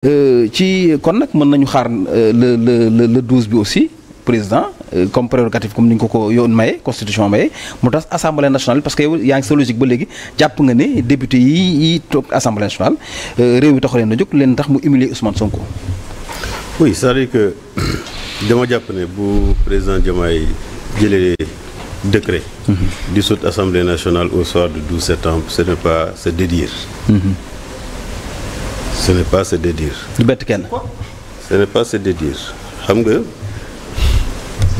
Euh, ci kon nag mën nañu xaar euh, le le le douze bi aussi président euh, comme prérogative comme ni ñu ko ko yoon maye constitution maye mu tas assemblée nationale parce que yow yaa ngi sa ba léegi jàpp nga ne député yi yi toog assemblée nationale réew mi taxu na a jóg leen tax mu humilier Ousmane Sonko. oui cest à que dama jàpp ne bu président Diomaye jëlee décret. Mhm. di sut assemblée nationale au soir du 12 septembre ce n'est pas se dédire. Mhm. ce n'est pas se dédire. du bett kenn. ce n'est pas se dédire xam nga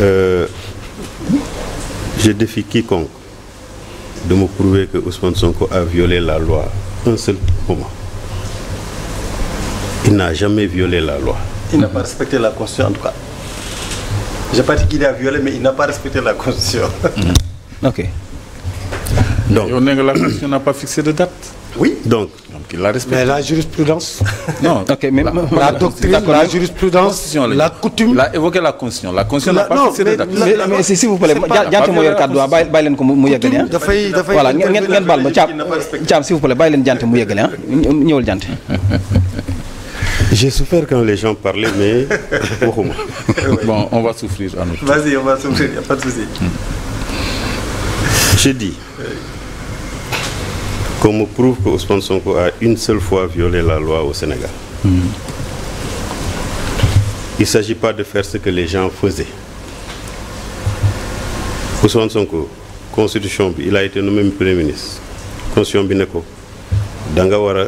euh, je défie quiconque de me prouver que Ousmane Sonko a la loi un seul moment il n'a jamais violé la loi. il n'a pas respecté la constitution en tout cas. j'ai pas dit qu'il a mais il n'a pas respecté la constitution. ok. donc yow nee la constitution n'a pas fixé de date. Oui. Donc, donc il la respecte. Mais la jurisprudence. non, ok, mais la, la doctrine, la, la jurisprudence, la coutume. la évoqué la constitution. La constitution n'a pas fixé de date. mais mais s'il vous plaît jant moo yor kàddu waaw bàyyi bàyyi leen ko mu yeggali ah. dafay dafay voilà ngeen ngeen baal ma Thiam Thiam s'il vous plaît bàyyi leen jant mu yeggali ah ñëwal jant. J'ai souffert quand les gens parlaient, mais waxuma. bon, on va souffrir à notre tour. Vas-y, on va souffrir, il n'y a pas de souci. Hmm. J'ai dit. comme me prouve que Ousmane Sonko a une seule fois violé la loi au Sénégal. Mmh. Il s'agit pas de faire ce que les gens faisaient. Ousmane Sonko constitution bi il a été nommé premier ministre constitution bi ne ko da nga war a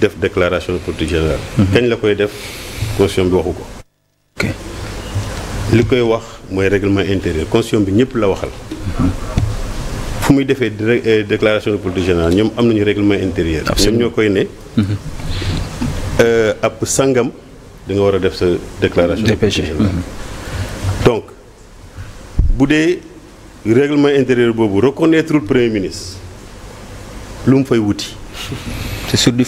def déclaration de politique hmm. kañ la koy def constitution bi waxu ko. li koy wax mooy réglement intérieur constitution bi ñëpp la waxal. muy defee euh, déclaration de politique générale ñoom am nañu règlement intérieur. ñoom ñoo koy ne. Euh, ab sangam da nga war a def sa déclaration. de politique générale mm-hmm. donc bu dee règlement intérieur boobu reconnaître le premier ministre lu mu fay wuti. c'est sur du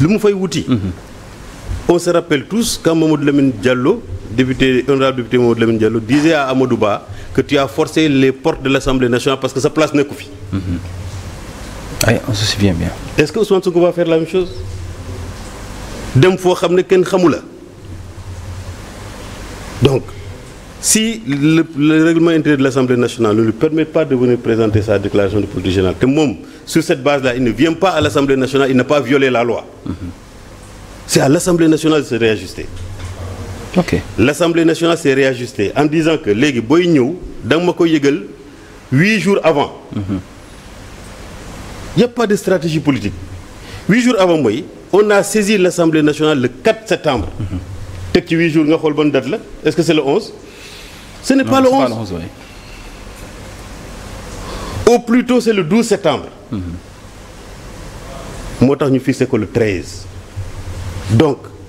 lu mu fay wuti. Mm-hmm. on se rappelle tous quand Mamadou Lamine Diallo député honorable député Mamadou Lamine Diallo disait à Amadou Ba. que tu as forcé les portes de l'Assemblée nationale parce que sa place nekku fi. ay on se est-ce que Ousmane Sonko va faire la même chose dem foo xam ne kenn xamu la donc si le, le règlement intérieur de l'Assemblée nationale ne lui permet pas de venir présenter sa déclaration de politique générale te moom sur cette base-là il ne vient pas à l'Assemblée nationale il n'a pas violé la loi. Mm-hmm. c'est à l'Assemblée nationale se réajuster. ok l'Assemblée nationale s'est réajustée en disant que léegi booy ñëw da ma ko yëgal huit jours avant. Mhm. y a de stratégie politique huit jours avant mooy on a saisi l'Assemblée nationale le 4 septembre. Mhm. teg ci huit jours nga xool ban date la est-ce que c'est le 11. ce n'est pas, pas le 11 au plus tôt c'est le 12 septembre. Mhm. moo tax ñu fixé ko le 13.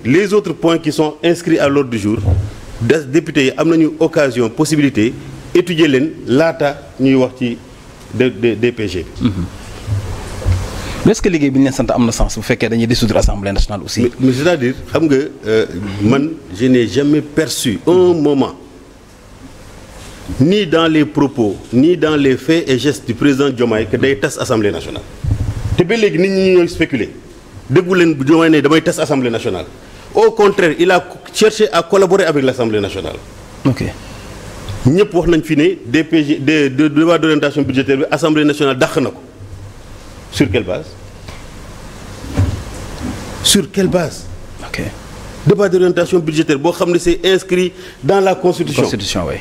les autres points qui son inscrits à l'ordre du jour des députés yi am nañu occasion possibilité étudier leen laata ñuy wax ci de de mais est-ce que liggéey bi ñu leen sant am na sens bu fekkee dañuy dissoudre assemblée nationale aussi. mais c'est-à-dire xam nga euh, man je n'ai jamais perçu un mm-hmm. moment ni dans les propos ni dans les faits et gest du président jomaay que day tas assemblée nationale. te ba léegi nit ñi ñooy spéculer déggu leen bu Diomaye ne damay tas assemblée nationale. au contraire il a cherché à collaborer avec l'Assemblée nationale. ok ñëpp wax nañ fi ne DPG de de loi d'orientation budgétaire bi Assemblée nationale dàq na ko sur quelle base. sur quelle base. ok débat d'orientation budgétaire boo xam ne se inscrit dans la constitution constitution oui.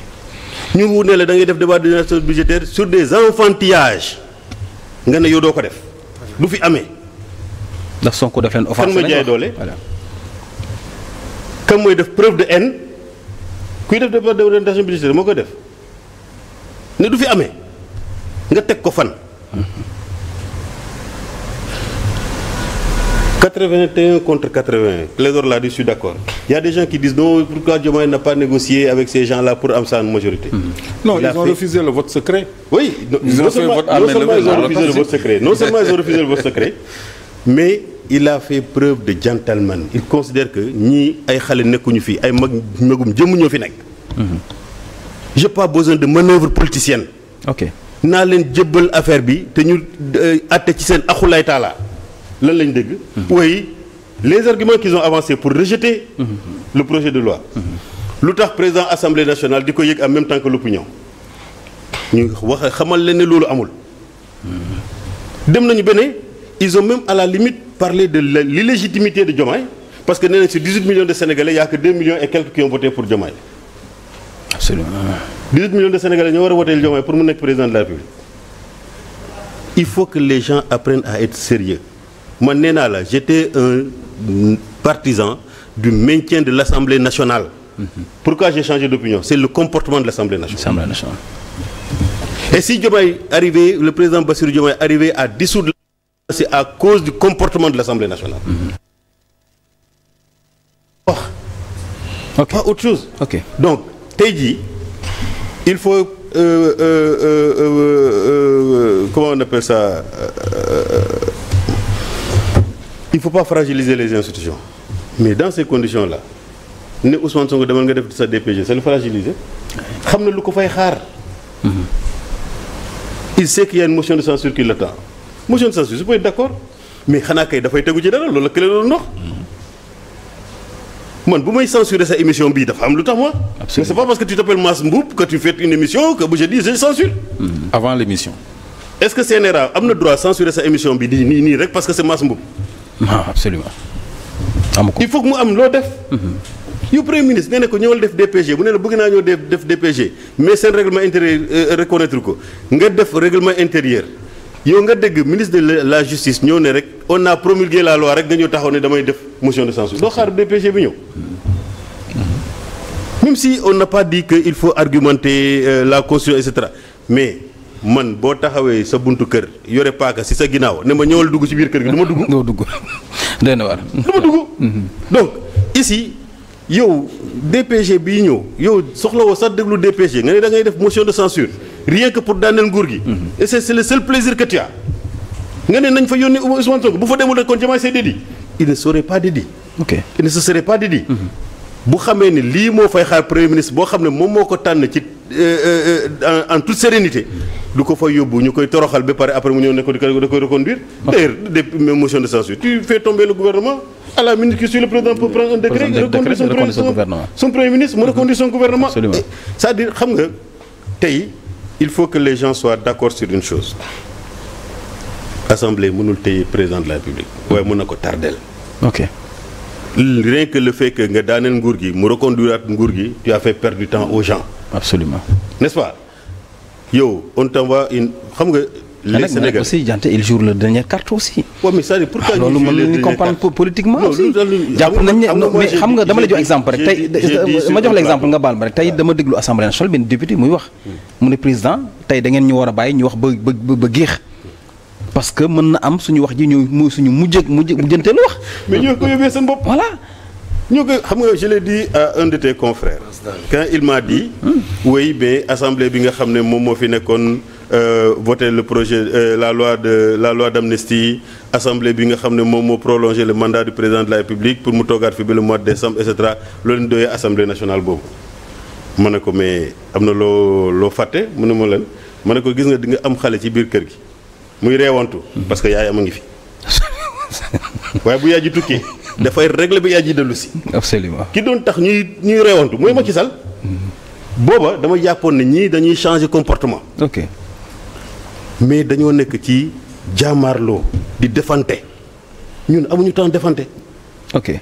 ñu wut ne la da ngay def débat d'orientation budgétaire sur des enfantillages nga ne yow doo ko def. du fi amee. ndax Sonko daf leen offensé kan ma jaay doole. kan mooy def preuve de haine kuy def débat d'orientation budgétaire moo koy def ne du fi amee nga teg ko fan. 81 contre 80 Clédor l'a dit je suis d'accord il y a des gens qui disent non pourquoi Diomaye n'a pas négocié avec ces gens-là pour am sa majorité. Hmm. non ils ont refusé le vote secret. oui non seulement ils ont refusé le ah, vote secret non seulement ils ont refusé le vote secret. mais il a fait preuve de gentleman il considère que ñii ay xale nekkuñu fii ay mag magum jëmm ñoo fi nekk. Mhm. j'ai pas besoin de manœuvre politicienne. ok naa leen jëbbal affaire bi te ñu àtte euh, ci seen axulaay taala lan lañ dégg. Mhm. oui les arguments qu'ils ont avancés pour rejeter. Mmh. projet de loi. Mhm. lu tax président assemblée nationale di ko yëg en même temps que l'opinion ñu wax xamal leen ne loolu amul. dem nañu beneen ils ont même à la limite parlé de l'illégitimité de Diomaye parce que nee nañ sur 18 millions de Sénégalais y que 2 millions et quelques qui ont voté pour Diomaye. absolument 18 millions de Sénégalais ñoo war a voté pour mu nekk président de la République. il faut que les gens apprennent à être sérieux man nee naa la j'étais un partisan du maintien de l'Assemblée nationale. Mm-hmm. pourquoi j'ai changé d'opinion c'est le comportement de l'Assemblée nationale. et si Diomaye c'est à cause du comportement de l'Assemblée nationale. wax. Mm-hmm. Oh. ok pas autre chose. ok donc tey jii il faut euh, euh, euh, euh, euh comment on appelle ça euh, il faut pas fragiliser les institutions. mais dans ces conditions la ne Ousmane Sonko demal nga def sa DPG c'est le fragiliser xam na lu ko fay xaar. Mm-hmm. il sait qu'il y a une motion de censure qui l'attend. motion de censure su peut être mais xanaa kay dafay tegu ci dara loolu la kële loolu ndox man bu may censurer sa émission bii dafa am lu tax ma. mais c'est pas parce que tu t'appelles Mass une émission que bu je dis je censure. Mm-hmm. avant l'émission est-ce que CNRA am na droit censurer sa émission bi di nii nii rek parce que c'est Mass Mboup. non absolument. amu il faut mu am loo def. Mm-hmm. yow premier ministre nee na ko ñëwal def DPG mu ne la bëgg naa ñëw def DPG mais seen règlement intérieur euh, reconnaître ko nga def règlement intérieur. yow nga dégg ministre de la justice ñëw ne rek on a promulgué la loi rek nga ñëw taxaw ne damay def motion de censure doo xaar DPG bi ñëw. Mm-hmm. même si on n'a pas dit il faut argumenter euh, la constitution et cetera mais man boo taxawee sa buntu kër yore paaka si sa ginnaaw ne ma ñëwal dugg ci biir kër gi du ma dugg. doo dugg doy na waar. du ma dugg. Mm-hmm. donc ici yow DPG bii ñëw yow soxlawoo sax déglu DPG nga ne da ngay def motion de censure rien que pour daaneel nguur gi. Mhm. et c' nga ne nañ fa yónni Ousmane Sonko bu fa demul rek kon Diomaye c'est dédit il ne serait pas dédit. Mhm. bu xamee ne lii moo fay xaar premier ministre boo xam ne moom moo ko tànn ci euh, euh, euh, en toute sérénité du ko fay yóbbu ñu koy toroxal ba pare après mu ñëw ne ko koy reconduire. d'ailleurs des motions de censure tu fais tomber le gouvernement à la minute qui suit le premier ministre mu reconduire son gouvernement cest dire xam nga tey il faut que les gens soient d'accord sur une chose assemblée mënul téye président de la République waaye mën na ko tardeel ok rien que le fait nga daaneel nguur gi mu reconduiraat nguur gi tu as fait perdre du temps aux gens absolument nest pas yow on t'envoie une xam nga les Sénégalais aussi jant il joue le dernier carte aussi. waaw mais c'est-à-dire pourquoi ah, loolu mën nañu comprendre politiquement aussi jàpp nañ ne mais xam nga dama la jox exemple rek tey ma jox la exemple nga baal ma rek tey dama déglu assemblée nationale benn député muy wax mu ne président tey da ngeen ñu war a bàyyi ñu wax ba ba ba géex parce que mën na am suñu wax ji ñooy mu suñu mujj mujj mujjanteelu wax. mais ñoo ko yóbbee seen bopp. voilà ñoo ko xam nga je l'ai dit à un de tes confrères. quand il m'a dit. Hmm. oui mais assemblée bi nga xam ne moom moo fi nekkoon. Euh, voté le projet euh, la loi de la loi d'amnistie assemblée bi nga xam ne moom moo prolongé le mandat du président de la république pour mu toogaat fi ba le mois de décembre et cetera loolu ñu doyee assemblée nationale boobu. ma ne ko mais am na loo loo fàtte mu ne ma leen ma ne ko gis nga di nga am xale ci biir kër gi muy reewantu. parce que yaayam a ngi fi. waaye bu yaay ji tukkee. dafay régler bi yaay ji dellu si. absolument ki doon tax ñuy ñuy reewantu mooy Macky Sall. Mm-hmm. booba dama jàppoon ne ñii dañuy changer comportement. ok. mais dañoo nekk ci jaamaarloo di defante ñun amuñu temps defante. ok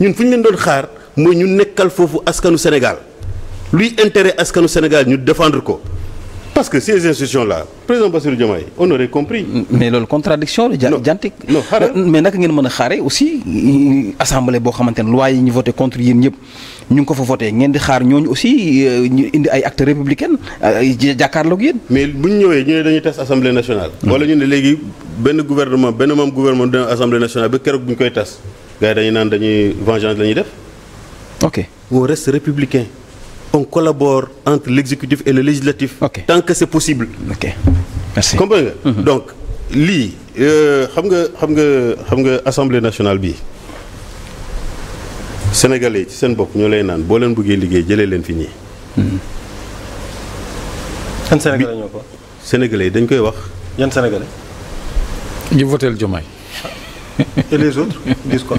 ñun fu ñu leen doon xaar mooy ñu nekkal foofu askanu Sénégal luy intérêt askanu Sénégal ñu défendre ko parce que ces institutions là président Bassirou Diomaye on aurait compris. mais loolu contradiction la. non mais naka ngeen mën a xaare aussi euh, assemblée boo xamante ne loi yi ñu voté contre yéen ñëpp. ñu ngi ko fa voté ngeen di xaar ñooñu aussi euh, ñu indi ay actes républicains jàkkaarloog yéen. mais bu ñu ñëwee ñu ne dañuy tas assemblée nationale. Hmm. wala ñu ne léegi benn gouvernement benn moom gouvernement dina assemblée nationale ba keroog bu ñu koy tas gars yi dañuy naan dañuy vengeance la ñuy def. ok on reste républicain. on collabore entre l'exécutif et le législatif. Okay. tant que c'est possible. ok merci comprends nga. Mm donc lii euh, xam nga xam nga xam nga assemblée national bi. sénégalais yi ci seen bopp ñoo lay naan boo leen bëggee liggéey jëlee leen fi ñii. Hmm. yan ko. sénégalais yi dañ koy wax. yan sénégalais. ñu voteel Diomaye. les autres dis quoi.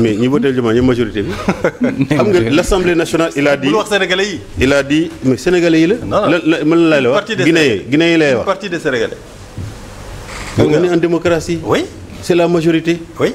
ñi voteel Diomaye ñu majorité bi. xam nga l' assemblée nationale il a dit. wax sénégalais yi. il a dit mais sénégalais yi la. non la la la wax. Guinée Guinée yi lay wax. parti des sénégalais. en démocratie. oui la majorité. oui.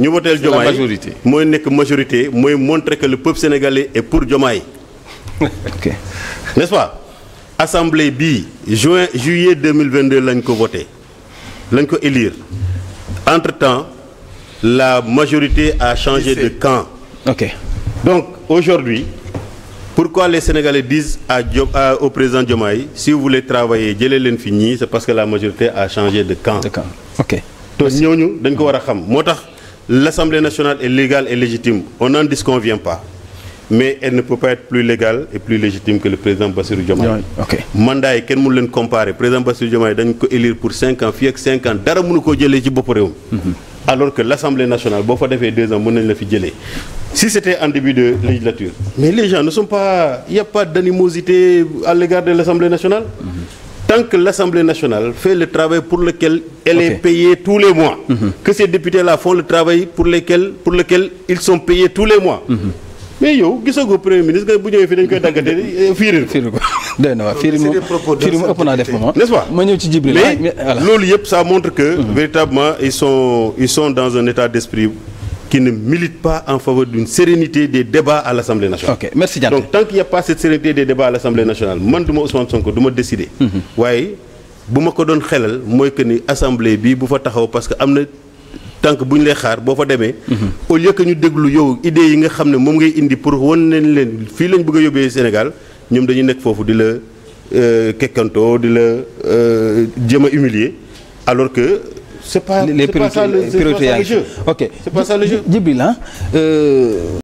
ñu woteel Diomaye mooy nekk majorité mooy montrer que le peuple sénégalais est pour Diomaye ok n'est-ce pas assemblée bii juin juillet 2022 lañ ko voté lañ ko élire entre-temps la majorité a changé de camp ok donc aujourd'hui pourquoi les Sénégalais disent à Diop au président Diomaye si vous voulez travailler jëlee leen fi ñii c'est parce que la majorité a changé de camp. de camp ok te dañ ko war a xam moo tax. L'Assemblée nationale est légale et légitime, on n'en disconvient pas. Mais elle ne peut pas être plus légale et plus légitime que le président Bassirou Diomaye. ok mandat yi kenn mënu leen comparer président Bassirou Diomaye dañ ko élire pour cinq ans fii ak cinq ans dara mënu koo jëlee ci bopp réew mm-hmm. alors que l'Assemblée nationale boo fa defee deux ans mën fi jëlee. si c'était en début de législature. mais les gens ne sont pas tant que l'Assemblée nationale fait le travail pour lequel elle okay. est payée tous les mois mm -hmm. que ces députés-là font le travail pour lesquels pour lequel ils sont payés tous les mois mm -hmm. mais yow gisagoo premier ministre bu ñëwee fii dañ koy daggante eh, fiiril ko doy na ah. nest pas ma ñëw ci Jibril mais ah, loolu yëpp ça montre que mhm. véritablement ils sont ils sont dans un état d'esprit qui ne milite pas en faveur d'une sérénité des débats à l'Assemblée nationale. donc tant qu'il n'y a pas cette sérénité des débats à l'Assemblée nationale man du ma Ousmane Sonko du ma mhm. waaye bu ma ko doon xelal mooy que ni assemblée bi bu fa taxaw parce am na tànk bu ñu xaar boo fa demee. Mhm. au lieu ñu déglu yow idées yi nga xam ne moom ngay indi pour wan nañ leen fii lañ bëgg a yóbbee Sénégal ñoom dañuy nekk foofu di la euh, kekkantoo di la euh, jéem a humilier alors que. c'est pas les priorités yaa ngi ok c'est pas ça le jeu Djibril euh,